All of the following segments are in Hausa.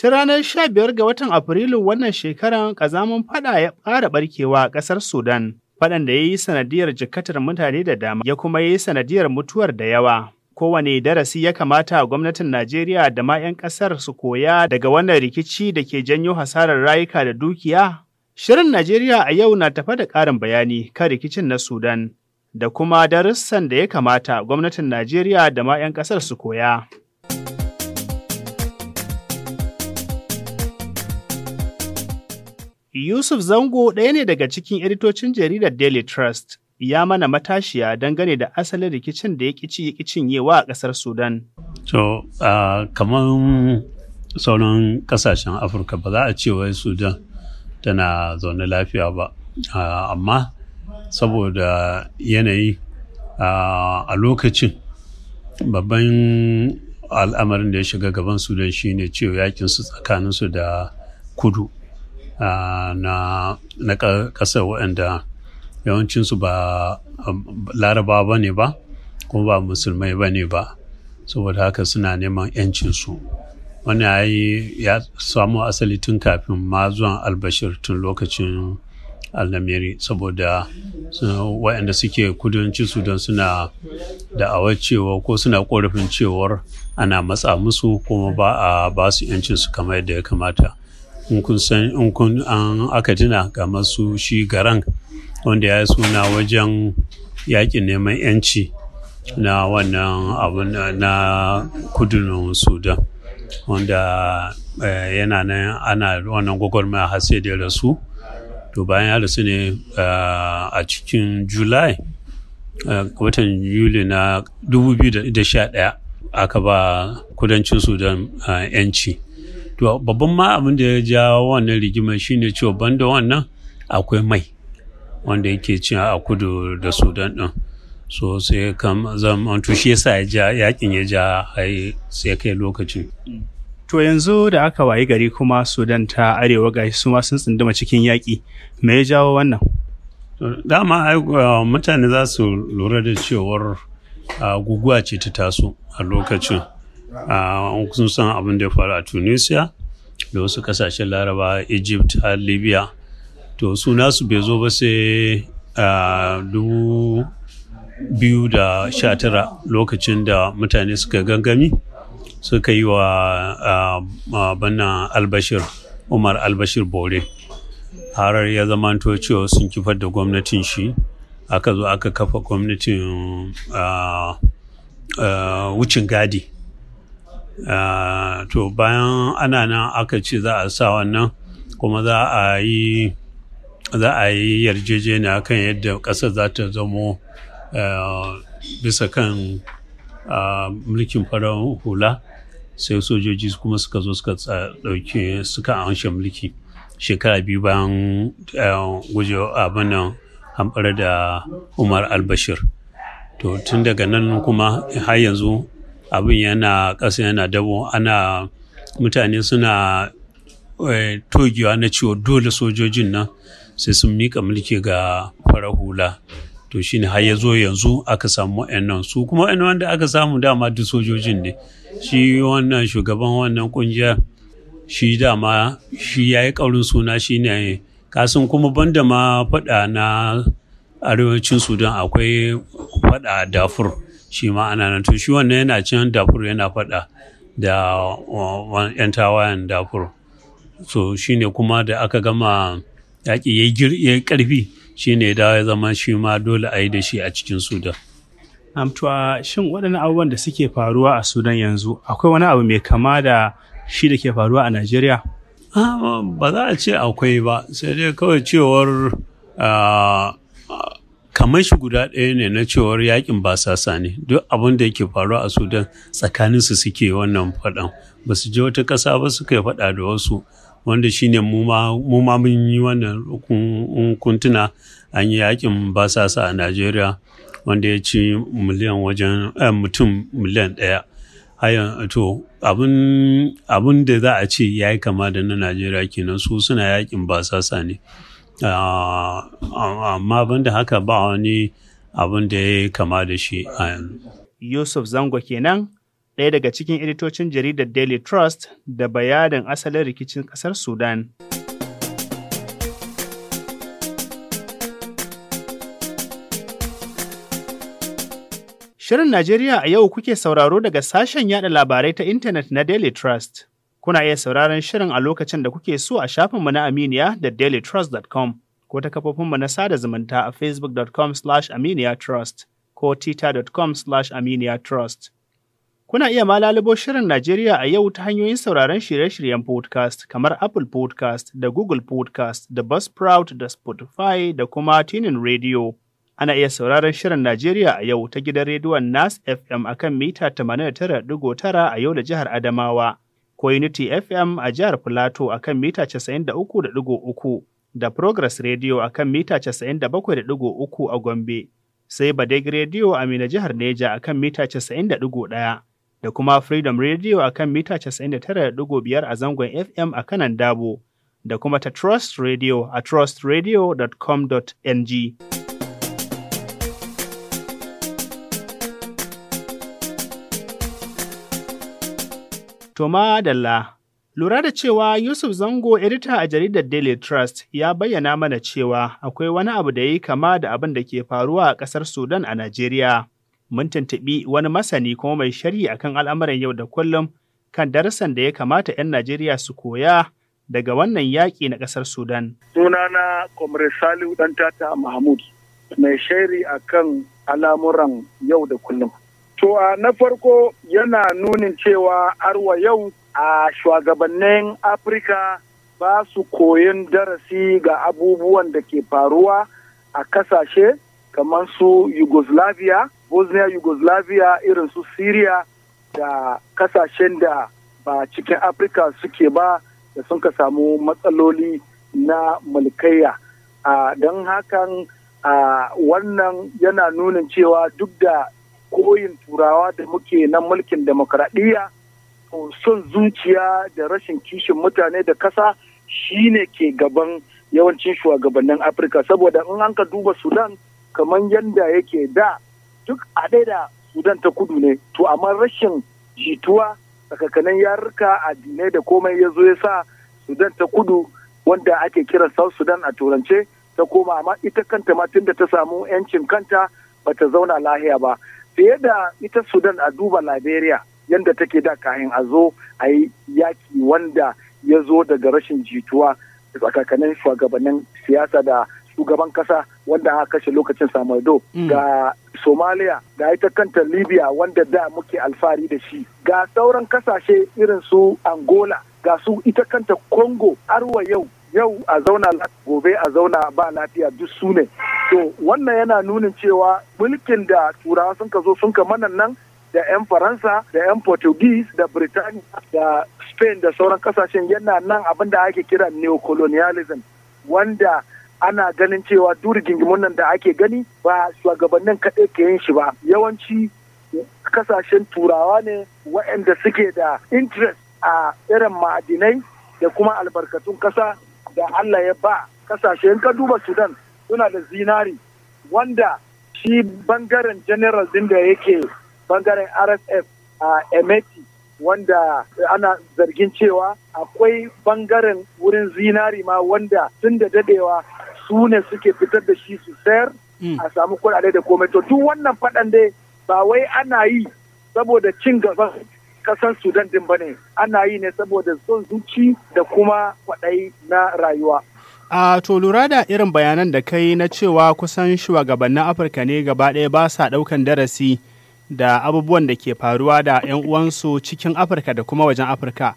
Ta ranar 15 ga watan Afrilu wannan shekaran ƙazamin fada ya ƙara barkewa a ƙasar Sudan, fadan da ya yi sanadiyar jikatar mutane da dama ya kuma ya yi sanadiyar mutuwar da yawa. Kowane darasi ya kamata gwamnatin Najeriya da ma 'yan ƙasar su koya daga wannan rikici da ke janyo hasarar rayuka da dukiya? Shirin Najeriya a yau na tafa da ƙarin bayani kan rikicin na Sudan da kuma darussan da ya kamata gwamnatin Najeriya da ma 'yan ƙasar su koya. Yusuf Zango ɗaya ne daga cikin editocin jaridar Daily Trust ya mana matashiya dangane da asalin rikicin da ya ƙici ya cinyewa a ƙasar Sudan. To, kamar sauran ƙasashen Afirka ba za a ce wai Sudan tana zaune lafiya ba, amma saboda yanayi a lokacin babban al'amarin da ya shiga gaban Sudan shine cewa yakin su tsakaninsu da kudu. na na ƙasar waɗanda yawancinsu ba um, laraba ba ne ba kuma ba musulmai ba ne ba saboda haka suna neman 'yancinsu wani ya yi ya samu asali tun kafin ma zuwan albashir tun lokacin alnamiri saboda waɗanda suke kudancin sudan suna da'awar cewa ko suna korafin cewar ana matsa musu kuma ba a basu su yancinsu kamar yadda ya kamata in kun san in kun an aka tuna ga masu shi garan wanda ya suna wajen yakin neman yanci na wannan abu na kudunan sudan wanda eh, yana nan ana wannan gwagwarmaya har sai da rasu to bayan ya rasu ne eh, a cikin july eh, watan yuli na 2011 aka ba kudancin sudan yanci to babban ma abin da ya ja wannan rigima shine cewa banda wannan akwai mai wanda yake cin a kudu da sudan din so sai kam zan to shi yasa ya ja yakin ya ja ai sai kai lokacin to yanzu da aka wayi gari kuma sudan ta arewa ga su ma sun tsunduma cikin yaki me ya jawo wannan dama uh, mutane za su lura da cewar uh, guguwa ce ta taso a lokacin Ah, kusan san abin da ya faru a tunisia da wasu kasashen laraba egypt har libya to su bai zo ba sai a ah, dubu biyu da sha tara lokacin da mutane suka gangami suka yi wa ah, bana albashir umar albashir bore harar ya zamanto cewa sun kifar da gwamnatin shi aka zo aka kafa gwamnatin wucin gadi Ah, to bayan ana nan aka ce za a sa wannan kuma za a yi za a yi yarjejeniya kan yadda ƙasar za ta zamo ah, bisa kan ah, mulkin farar hula sai sojoji kuma suka zo suka ɗauki suka anshe mulki shekara biyu bayan guje abin nan da umar albashir to tun daga nan kuma har yanzu abin yana ƙasa yana dabo ana mutane suna eh, togewa na ciwo dole sojojin nan sai sun mika mulki ga farar hula to ne har ya zo yanzu aka samu nan su kuma wa'annan wanda aka samu dama duk sojojin ne shi wannan shugaban wannan kungiya shi dama shi ya yi ƙaurin suna shi ne kasan kuma ban da ma faɗa na arewacin sudan akwai faɗa dafur shi ma ana nan to shi wannan yana cin dafur yana faɗa da yan tawayen dafur so shi ne kuma da aka gama yaƙi ya yi ƙarfi ne da ya zama shi ma dole a yi da shi a cikin sudan amtuwa shin waɗannan abubuwan da suke faruwa a sudan yanzu akwai wani abu mai kama da shi da ke faruwa a najeriya ah, ba za a ce akwai ba sai dai kawai cewar ah, kamar shi guda ɗaya ne na cewar yakin basasa ne duk abin da yake faruwa a sudan tsakanin su suke wannan faɗan ba su je wata ƙasa ba suka yi faɗa da wasu wanda shine mu ma mun yi wannan kuntuna an yi yakin basasa a najeriya wanda ya ci miliyan wajen eh, mutum miliyan ɗaya hayan to abin da za a ce ya yi kama da na najeriya kenan su suna yakin basasa ne Ah, ah, amma da haka ba wani abin da ya kama da shi a yanzu. Yusuf Zango kenan ɗaya daga cikin editocin jaridar Daily Trust da bayanin asalin rikicin ƙasar Sudan. Shirin Najeriya a yau kuke sauraro daga sashen yada labarai ta intanet na Daily Trust. Kuna iya sauraron shirin a lokacin da kuke so a shafinmu na Aminiya da dailytrust.com ko ta kafofinmu na sada zumunta a facebook.com slash aminiyatrust ko twitter.com slash aminiyatrust. Kuna iya ma lalubo shirin Najeriya a yau ta hanyoyin sauraron shirye-shiryen podcast kamar Apple podcast da Google podcast da Buzzsprout da Spotify da kuma Tunin Radio. Ana iya sauraron shirin Najeriya a yau ta gidan rediyon Nas FM akan mita 89.9 a yau da jihar Adamawa. ko FM a jihar Filato a kan mita 93.3 da Progress Radio a kan mita 97.3 a Gombe, sai Badeg Radio a Mina jihar Neja a kan mita 90.1. da kuma Freedom Radio a kan mita 99.5 a zangon FM a kanan Dabo, da kuma ta Trust Radio a trustradio.com.ng. To Dalla, lura da cewa Yusuf Zango edita a jaridar Daily Trust ya bayyana mana cewa akwai wani abu da ya yi kama da abin da ke faruwa a ƙasar Sudan a Najeriya. Mun tuntuɓi wani masani kuma mai shari'a akan al'amuran yau da kullum kan darasan da ya kamata 'yan Najeriya su koya daga wannan yaƙi na ƙasar Sudan. Sunana Comrade Salihu ta Mahmud, mai shairi akan al'amuran yau da kullum. To na farko yana nunin cewa arwa yau a shugabannin Afirka ba su koyon darasi ga abubuwan da ke faruwa a kasashe kamar su Yugoslavia, Bosnia Yugoslavia irin su Syria da kasashen da ba cikin Afirka suke ba da sun ka samu matsaloli na mulkayya. Don hakan wannan yana nunin cewa duk da koyin turawa da muke na mulkin demokradiyya son zuciya da rashin kishin mutane da kasa shine ke gaban yawancin shugabannin afirka saboda in an ka duba sudan kamar yadda yake da duk a da sudan ta kudu ne to amma rashin jituwa tsakakanin yarurka addinai da komai ya zo ya sa sudan ta kudu wanda ake kiran south sudan a turance ta koma amma ita kanta ma tun da ta samu 'yancin kanta bata zauna lahiya ba fiye da ita sudan a duba liberia yadda take da kayan a zo a yi yaki wanda ya zo daga rashin jituwa tsakakanin shugabannin siyasa da shugaban kasa wanda aka kashe lokacin samardo mm. ga somalia ga ita kanta libya wanda da muke alfahari da shi ga sauran kasashe irin su angola ga su ita kanta congo arwa yau yau a zauna gobe a zauna ba lafiya duk su ne to wannan yana nunin cewa mulkin da turawa sun ka zo sun ka manan nan da 'yan faransa da 'yan portuguese da Birtaniya da spain da sauran kasashen yana nan abin da ake kira neocolonialism wanda ana ganin cewa duk nan da ake gani ba shugabannin kaɗai ke yin shi ba yawanci kasashen turawa ne waɗanda suke da interest a irin ma'adinai da kuma albarkatun ƙasa da allah ya ba kasashen ka duba sudan suna da zinari wanda shi bangaren general din da yake bangaren rsf a emeti wanda ana zargin cewa akwai bangaren wurin zinari ma wanda tun da dadewa su ne suke fitar da shi su sayar mm. a samu kuɗaɗe da komai to duk wannan faɗan dai ba wai ana yi saboda cin gaban kasan sudan din bane ana yi ne saboda son zuci da kuma kwaɗayi na rayuwa A to lura da irin bayanan da kai na cewa kusan shugabannin Afirka ne gaba ɗaya ba sa ɗaukan darasi da abubuwan da ke faruwa da 'yan uwansu cikin Afirka da kuma wajen Afirka.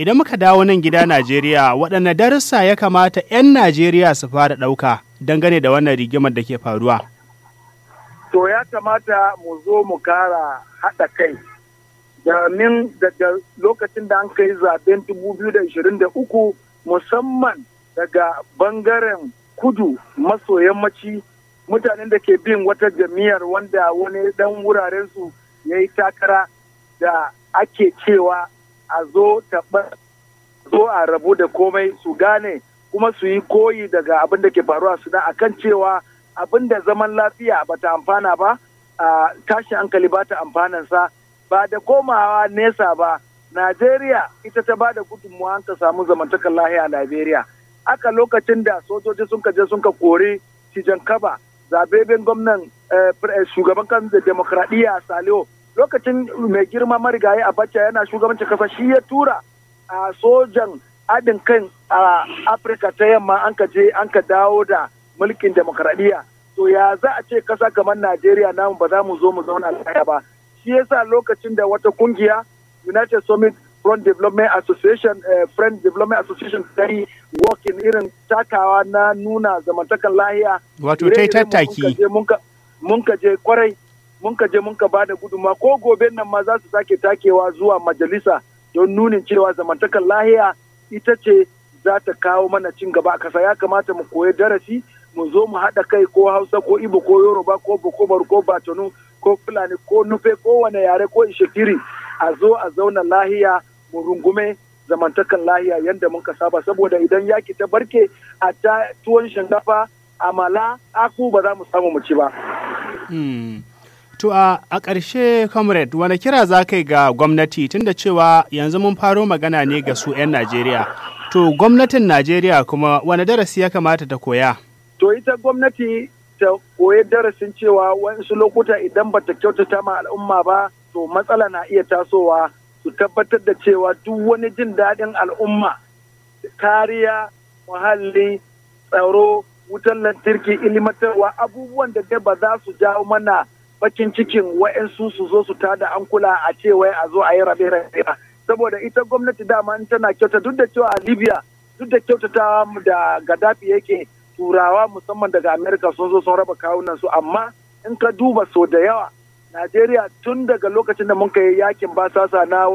Idan muka dawo nan gida Najeriya, waɗanne darussa ya kamata 'yan Najeriya su fara ɗauka dangane da wannan rigimar da ke faruwa? To ya kamata mu zo mu kara haɗa kai. Domin daga lokacin da an kai zaben 2023 musamman daga bangaren kudu maso yammaci mutanen da ke bin wata jami'ar wanda wani dan wuraren su ya yi takara da ake cewa a zo zo a rabu da komai su gane kuma su yi koyi daga abin da ke faruwa su da akan cewa abin da zaman lafiya ba ta amfana ba a tashin hankali ba ta amfanansa ba da komawa nesa ba najeriya ita ta ba da gudunmuwa an ta samu zamantakar lahiya a najeriya aka lokacin da sojoji sun je sun ka kori cijan kaba zabeben gwamnan eh, eh, shugaban kan demokradiyya saliyo lokacin mai girma marigayi a abacha yana shugabancin kasa shi ya tura a sojan adin kan a afirka ta yamma an ka je an ka dawo da mulkin demokradiyya to ya za a ce kasa kamar najeriya namu ba za mu zo mu zauna lafiya ba shi yasa lokacin da wata kungiya united summit front development association uh, eh, friend development association ta yi working irin takawa na nuna zamantakan lahiya wato ta yi tattaki mun ka je kwarai mun ka je mun ka bada guduma ko gobe nan ma za su sake takewa zuwa majalisa don nunin cewa zamantakan lahiya ita ce za ta kawo mana cin gaba a kasa ya kamata mu koyi darasi mu zo mu haɗa kai ko hausa ko ibo ko yoruba ko bokobar ko batonu ko fulani ko nufe ko wane yare ko ishekiri a zo a zauna lahiya mu rungume zamantakan lahiya yadda muka ba, saboda idan yaki ta barke a ta tuwon shinkafa amala aku ba za mu samu mu ci ba. Hmm. To a ƙarshe comrade wani kira za kai ga gwamnati tunda cewa yanzu mun faro magana ne ga su 'yan Najeriya. To gwamnatin Najeriya kuma wani darasi ya kamata ta koya? To ita gwamnati ta koyi darasin cewa wasu lokuta idan ba ta kyautata ma al'umma ba to matsala na iya tasowa su tabbatar da cewa duk wani jin daɗin al'umma kariya muhalli tsaro wutar lantarki ilimantarwa abubuwan da dai ba za su jawo mana bakin cikin wa'yansu su zo su tada an kula a ce wai a zo a yi rabe rabe saboda ita gwamnati dama in tana kyauta duk da cewa libya duk da kyautata da gaddafi yake turawa musamman daga america sun zo sun raba kawunan su amma in ka duba sau da yawa Najeriya tun daga lokacin da mun kai yakin basasa na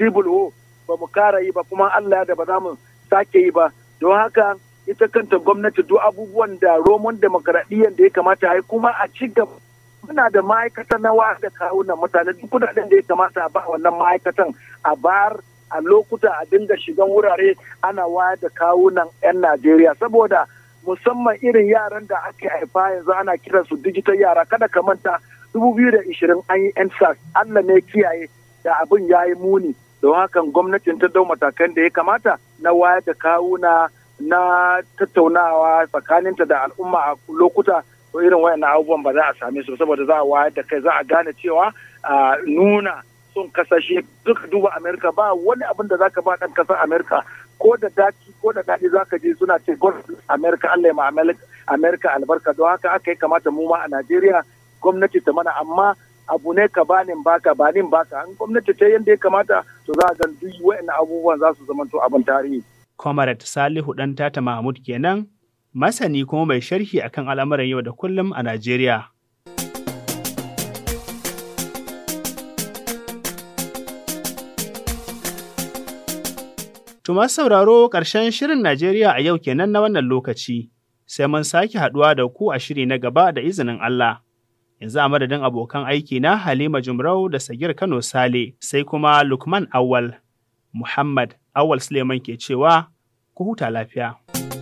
civil war ba mu kara yi ba kuma Allah da ba za mu sake yi ba don haka ita kanta gwamnati duk abubuwan da roman demokaradiyyar da ya kamata a kuma a ci gaba muna da ma'aikata na da kawunan mutane duk kudaden da ya kamata a ba wannan ma'aikatan a bar a lokuta a dinga shigan wurare ana wayar da kawunan 'yan Najeriya saboda musamman irin yaran da ake haifa yanzu ana kiransu digital yara kada ka manta dubu 2020 an yi NSAS Allah ne kiyaye da abin ya yi muni don hakan gwamnatin ta dau matakan da ya kamata na waya da kawuna na tattaunawa tsakaninta da al'umma a lokuta ko irin wayannan abubuwan ba za a same su saboda za a wayar da kai za a gane cewa a nuna sun kasashe duka duba amerika ba wani abin da zaka ba dan kasar amerika ko da daki ko da dadi zaka je suna ce gwamnatin amerika allah ya ma amerika albarka don haka aka yi kamata mu ma a najeriya gwamnati ta mana amma abu ne ka banin baka banin baka an gwamnati ta yadda ya kamata to za a ga duk wa'annan abubuwan za su zama to abin tarihi. Comrade Salihu dan tata Mahmud kenan masani kuma mai sharhi akan al'amuran yau da kullum a Najeriya. Tuma sauraro ƙarshen shirin Najeriya a yau kenan na wannan lokaci, sai mun sake haɗuwa da ku a shiri na gaba da izinin Allah. yanzu a madadin abokan aiki na Halima Jumrau da Sagir Kano Sale sai kuma Lukman Awal Muhammad Awal Suleiman ke cewa ku huta lafiya.